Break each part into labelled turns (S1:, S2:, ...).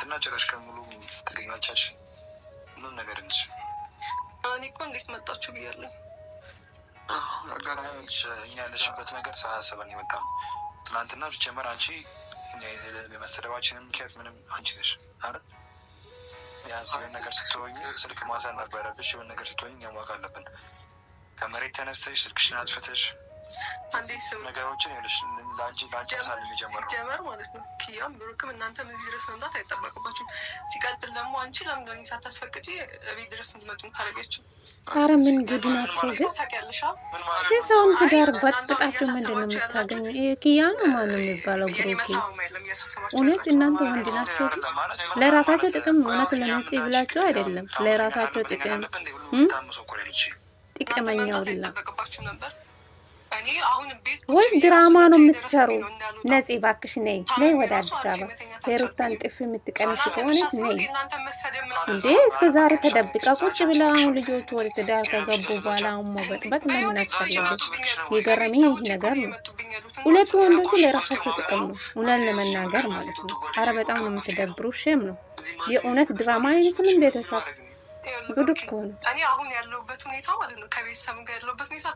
S1: ትናንትና ጭራሽ ከሙሉ ተገኛቻች ምንም ነገር እንች
S2: እኔ እኮ እንዴት መጣችሁ ብያለሁ።
S1: አጋራች እኛ ያለሽበት ነገር ሳያሰበን የመጣ ነው። ትናንትና ብቸመር አንቺ የመሰደባችንን ምክንያት ምንም አንቺ ነሽ አረ ቢያንስ የሆነ ነገር ስትሆኝ ስልክ ማሳን ነበረብሽ። የሆነ ነገር ስትሆኝ እኛ ማወቅ አለብን። ከመሬት ተነስተሽ ስልክሽን አጥፍተሽ አንዴ ነገሮችን
S2: ሲጀመር ማለት ነው ክያም ብሩክም እናንተም እዚህ ድረስ መምጣት አይጠበቅባችሁም። ሲቀጥል ደግሞ አንቺ ለምንደሆኝ ሳታስፈቅጂ እቤት ድረስ እንዲመጡ ታደርጊያቸው።
S3: አረ ምን ጉድ ናቸው ግን! የሰውን ትዳር በጥብጣችሁ ምንድን ነው የምታገኙ? ኪያ ነው ማን የሚባለው? ብሩክ እውነት እናንተ ወንድ ናቸው ግን ለራሳቸው ጥቅም እውነት ለነጽ ብላቸው አይደለም፣ ለራሳቸው ጥቅም ጥቅመኛውላ ወይስ ድራማ ነው የምትሰሩ? ነፂ ባክሽ ነይ ነይ ወደ አዲስ አበባ የሩታን ጥፍ የምትቀንሽ ከሆነ ነይ እንዴ። እስከ ዛሬ ተደብቃ ቁጭ ብላ አሁን ልጆቹ ወደ ትዳር ከገቡ በኋላ አሁን መበጥበጥ ለምን አስፈለገ? የገረመኝ ይህ ነገር ነው። ሁለቱ ወንዶቹ ለራሳቸው ጥቅም ነው፣ እውነት ለመናገር ማለት ነው። አረ በጣም ነው የምትደብሩ። ሼም ነው የእውነት ድራማ አይመስልም ቤተሰብ ጉድ እኮ ነው።
S2: እኔ አሁን ያለሁበት ሁኔታ ማለት ነው ከቤተሰብ ጋር ያለሁበት ሁኔታ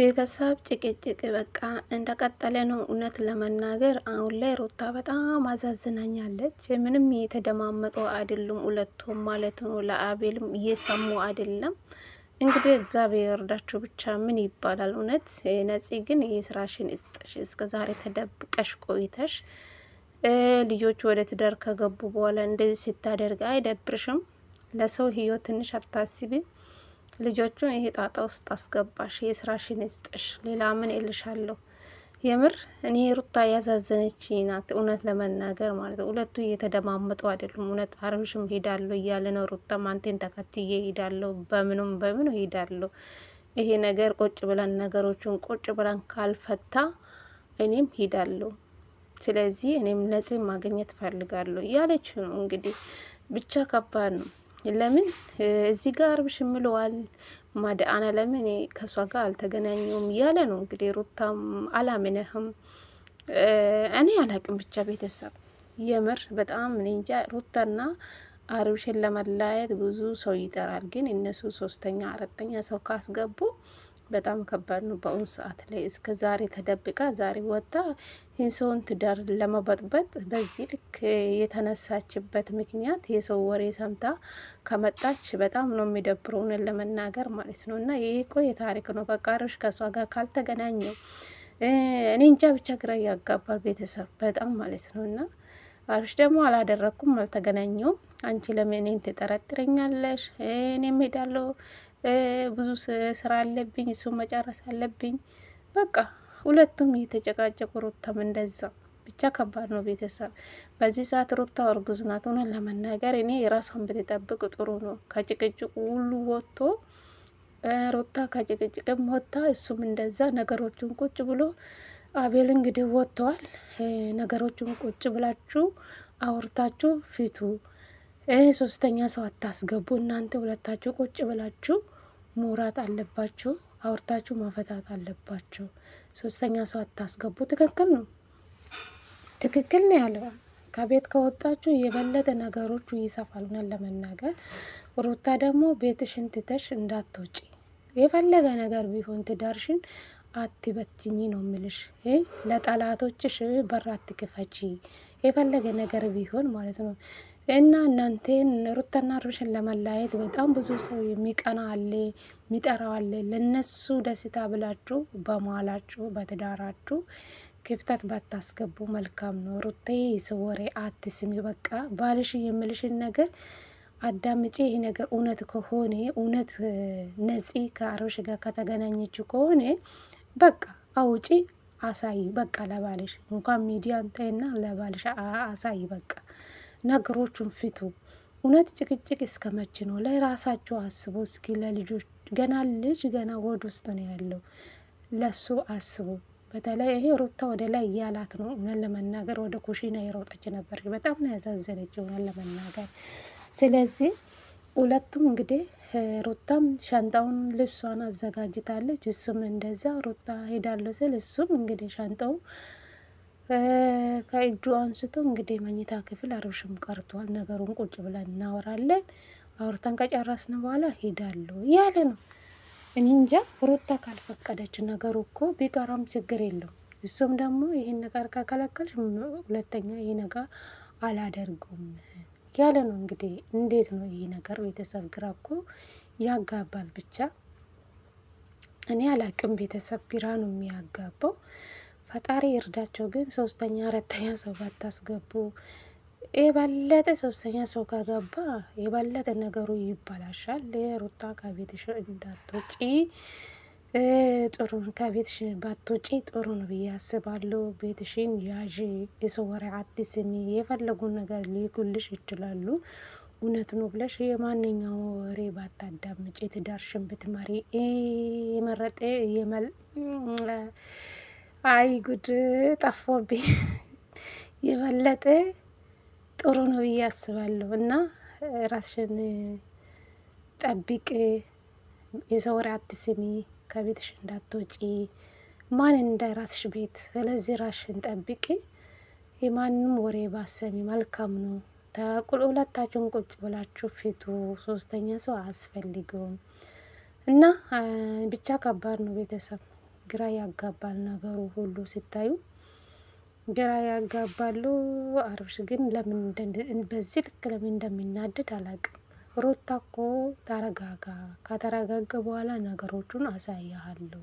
S4: ቤተሰብ ጭቅጭቅ በቃ እንደቀጠለ ነው። እውነት ለመናገር አሁን ላይ ሩታ በጣም አዛዝናኛለች። ምንም የተደማመጡ አይደሉም ሁለቱም ማለት ነው። ለአቤልም እየሰሙ አይደለም። እንግዲህ እግዚአብሔር ይርዳችሁ ብቻ ምን ይባላል። እውነት ነፂ ግን የስራሽን እስጥሽ። እስከ ዛሬ ተደብቀሽ ቆይተሽ ልጆች ወደ ትዳር ከገቡ በኋላ እንደዚህ ስታደርግ አይደብርሽም? ለሰው ህይወት ትንሽ አታስቢ? ልጆቹን ይሄ ጣጣ ውስጥ አስገባሽ፣ የስራሽን ይስጥሽ፣ ሌላ ምን እልሻለሁ? የምር እኔ ሩታ ያዛዘነች ናት፣ እውነት ለመናገር ማለት ሁለቱ እየተደማመጡ አይደሉም። እውነት አርብሽም ሄዳለሁ እያለ ነው፣ ሩታም አንቴን ተከትዬ ሄዳለሁ፣ በምኑም በምኑ ሄዳለሁ። ይሄ ነገር ቁጭ ብለን ነገሮቹን ቁጭ ብለን ካልፈታ እኔም ሄዳለሁ፣ ስለዚህ እኔም ነጽ ማግኘት ፈልጋለሁ እያለች ነው። እንግዲህ ብቻ ከባድ ነው። ለምን እዚህ ጋር አብርሽ ምለዋል ማድአና ለምን ከእሷ ጋር አልተገናኘውም እያለ ነው እንግዲህ። ሩታም አላምነህም እኔ አላቅም ብቻ ቤተሰብ የምር በጣም እኔ እንጃ። ሩታና አብርሽን ለመለያየት ብዙ ሰው ይጠራል፣ ግን እነሱ ሶስተኛ አራተኛ ሰው ካስገቡ በጣም ከባድ ነው በአሁኑ ሰዓት ላይ። እስከ ዛሬ ተደብቃ ዛሬ ወጣ የሰውን ትዳር ለመበጥበጥ በዚህ ልክ የተነሳችበት ምክንያት የሰው ወሬ ሰምታ ከመጣች በጣም ነው የሚደብረውን ለመናገር ማለት ነው። እና ይህ ቆየ የታሪክ ነው። በቃሪዎች ከእሷ ጋር ካልተገናኘው እኔ እንጃ ብቻ ግራ ያጋባል ቤተሰብ በጣም ማለት ነው እና አብርሽ ደግሞ አላደረግኩም፣ አልተገናኘውም። አንቺ ለምን እኔን ትጠረጥረኛለሽ? እኔም ሄዳለሁ፣ ብዙ ስራ አለብኝ፣ እሱ መጨረስ አለብኝ። በቃ ሁለቱም እየተጨቃጨቁ ሩታም እንደዛ ብቻ ከባድ ነው። ቤተሰብ በዚህ ሰዓት ሩታ እርጉዝ ናት። ሆነን ለመናገር እኔ የራሷን ብትጠብቅ ጥሩ ነው። ከጭቅጭቁ ሁሉ ወጥቶ ሩታ ከጭቅጭቅም ወጥታ እሱም እንደዛ ነገሮችን ቁጭ ብሎ አቤል እንግዲህ ወጥተዋል። ነገሮቹን ቁጭ ብላችሁ አውርታችሁ ፊቱ ሶስተኛ ሰው አታስገቡ። እናንተ ሁለታችሁ ቁጭ ብላችሁ ሙራት አለባችሁ። አውርታችሁ ማፈታት አለባችሁ። ሶስተኛ ሰው አታስገቡ። ትክክል ነው፣ ትክክል ነው ያለው። ከቤት ከወጣችሁ የበለጠ ነገሮቹ ይሰፋል። እውነት ለመናገር ሩታ ደግሞ ቤትሽን ትተሽ እንዳትወጪ የፈለገ ነገር ቢሆን ትዳርሽን አትበትኝ ነው ምልሽ። ለጠላቶችሽ በር አትክፈች፣ የፈለገ ነገር ቢሆን ማለት ነው። እና እናንተን ሩታና አብርሽን ለመለያየት በጣም ብዙ ሰው የሚቀና አለ፣ የሚጠራው አለ። ለነሱ ደስታ ብላችሁ በማላችሁ በትዳራችሁ ክፍተት ባታስገቡ መልካም ነው። ሩቴ ስወሬ አትስሚ። በቃ ባልሽ የምልሽን ነገር አዳምጪ። ይህ ነገር እውነት ከሆነ እውነት ነፂ ከአብርሽ ጋር ከተገናኘች ከሆነ በቃ አውጪ አሳይ በቃ ለባልሽ እንኳን ሚዲያ እንታይና ለባልሽ አሳይ በቃ ነገሮቹን ፍቱ። እውነት ጭቅጭቅ እስከ መቼ ነው? ለራሳቸው አስቡ እስኪ ለልጆች ገና ልጅ ገና ወድ ውስጥ ነው ያለው ለሱ አስቡ። በተለይ ይሄ ሩታ ወደ ላይ እያላት ነው። እውነት ለመናገር ወደ ኩሽና የሮጠች ነበር። በጣም ነው ያዛዘነች እውነት ለመናገር ስለዚህ ሁለቱም እንግዲህ ሩታም ሻንጣውን ልብሷን አዘጋጅታለች። እሱም እንደዛ ሩታ ሄዳለሁ ስል እሱም እንግዲህ ሻንጣው ከእጁ አንስቶ እንግዲህ መኝታ ክፍል አርብሽም ቀርቷል፣ ነገሩን ቁጭ ብለን እናወራለን፣ አውርተን ከጨረስን በኋላ ሄዳለሁ እያለ ነው። እኔ እንጃ ሩታ ካልፈቀደች ነገሩ እኮ ቢቀራም ችግር የለውም። እሱም ደግሞ ይህን ነገር ከከለከልሽ፣ ሁለተኛ ይህ ነገር አላደርጉም ያለ ነው። እንግዲህ እንዴት ነው ይህ ነገር? ቤተሰብ ግራ እኮ ያጋባል። ብቻ እኔ አላቅም። ቤተሰብ ግራ ነው የሚያጋባው። ፈጣሪ እርዳቸው። ግን ሶስተኛ አራተኛ ሰው ባታስገቡ የበለጠ ሶስተኛ ሰው ከገባ የበለጠ ነገሩ ይባላሻል። ሩታ ከቤትሽ እንዳትወጪ ጥሩን ከቤትሽን ባትወጪ ጥሩ ነው ብዬ አስባለሁ። ቤትሽን ያዥ። የሰው ወሬ አትስሚ። የፈለጉን ነገር ሊጉልሽ ይችላሉ። እውነት ነው ብለሽ የማንኛው ወሬ ባታዳምጪ ትዳርሽን ብትመሪ የመረጠ የመል አይ ጉድ ጠፎብ የበለጠ ጥሩ ነው ብዬ አስባለሁ። እና ራስሽን ጠብቅ። የሰው ወሬ አትስሚ። ከቤትሽ እንዳትወጪ ማን እንደ ራስሽ ቤት። ስለዚህ ራስሽን ጠብቂ፣ የማንም ወሬ ባሰሚ መልካም ነው። ተቁል ሁለታችሁን ቁጭ ብላችሁ ፊቱ ሶስተኛ ሰው አያስፈልገውም። እና ብቻ ከባድ ነው ቤተሰብ ግራ ያጋባል ነገሩ ሁሉ ሲታዩ ግራ ያጋባሉ። አብርሽ ግን ለምን በዚህ ልክ ለምን እንደሚናደድ አላውቅም። ሩታ እኮ ተረጋጋ፣ ከተረጋገ በኋላ ነገሮቹን አሳያሃለሁ።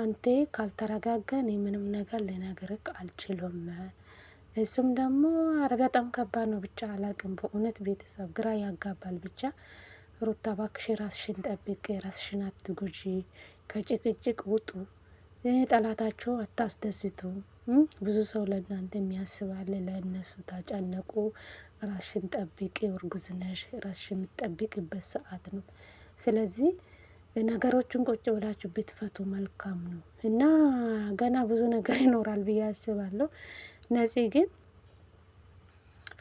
S4: አንቴ ካልተረጋጋ እኔ ምንም ነገር ልነግርክ አልችልም። እሱም ደግሞ አረ በጣም ከባድ ነው። ብቻ አላቅም በእውነት ቤተሰብ ግራ ያጋባል። ብቻ ሩታ ባክሽ ራስሽን ጠብቅ፣ ራስሽን አትጉጂ፣ ከጭቅጭቅ ውጡ፣ ጠላታችሁ አታስደስቱም። ብዙ ሰው ለእናንተ የሚያስባል። ለእነሱ ታጨነቁ። ራስሽን ጠብቂ፣ እርጉዝ ነሽ። ራስሽን የምትጠብቂበት ሰዓት ነው። ስለዚህ ነገሮችን ቁጭ ብላችሁ ብትፈቱ መልካም ነው እና ገና ብዙ ነገር ይኖራል ብዬ አስባለሁ። ነፂ ግን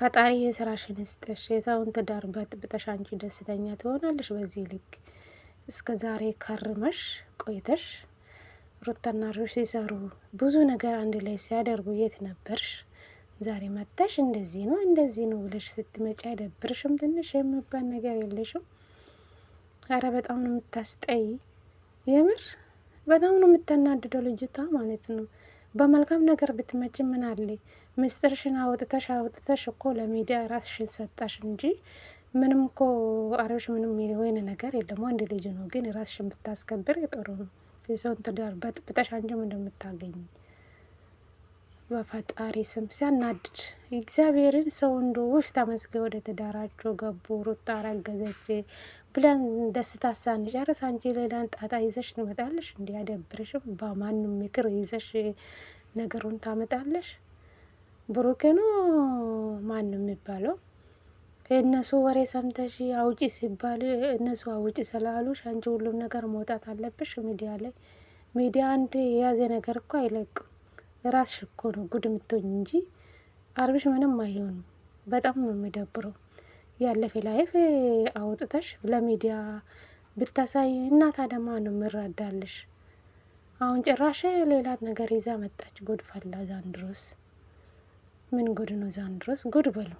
S4: ፈጣሪ የስራሽን ስጥሽ። የሰውን ትዳር በጥብጠሽ አንቺ ደስተኛ ትሆናለሽ። በዚህ ልክ እስከ ዛሬ ከርመሽ ቆይተሽ ሩታና አብርሽ ሲሰሩ ብዙ ነገር አንድ ላይ ሲያደርጉ የት ነበርሽ? ዛሬ መጥተሽ እንደዚህ ነው እንደዚህ ነው ብለሽ ስትመጪ አይደብርሽም? ትንሽ የሚባል ነገር የለሽም? አረ በጣም ነው የምታስጠይ። የምር በጣም ነው የምታናድደው ልጅቷ ማለት ነው። በመልካም ነገር ብትመጭ ምን አለ? ምስጢርሽን አውጥተሽ አውጥተሽ እኮ ለሚዲያ ራስሽን ሰጣሽ እንጂ ምንም እኮ አሪዎች ምንም የሆነ ነገር የለም። ወንድ ልጅ ነው ግን ራስሽን ብታስከብር ጥሩ ነው። የሰውን ትዳር በጥብጠሽ አንቺም እንደምታገኝ በፈጣሪ ስም ሲያናድድ እግዚአብሔርን ሰው እንዶ ውሽ ተመስገ ወደ ትዳራቸው ገቡ። ሩጣ ረገዘች ብለን ደስታ ሳንጨርስ አንቺ ሌላን ጣጣ ይዘሽ ትመጣለሽ። እንዲ ያደብርሽም በማንም ምክር ይዘሽ ነገሩን ታመጣለሽ። ብሩኬ ማንም የሚባለው እነሱ ወሬ ሰምተሽ አውጪ ሲባል እነሱ አውጪ ስላሉሽ አንቺ ሁሉም ነገር መውጣት አለብሽ ሚዲያ ላይ። ሚዲያ አንድ የያዘ ነገር እኮ አይለቅም። ራስሽ እኮ ነው ጉድ ምትሆኝ እንጂ አርብሽ ምንም አይሆኑ። በጣም ነው የሚደብረው። ያለፈ ላይፍ አውጥተሽ ለሚዲያ ብታሳይ እና ታዲያ ነው የምራዳልሽ? አሁን ጭራሽ ሌላ ነገር ይዛ መጣች። ጉድ ፈላ ዛንድሮስ። ምን ጉድ ነው ዛንድሮስ? ጉድ በሉ።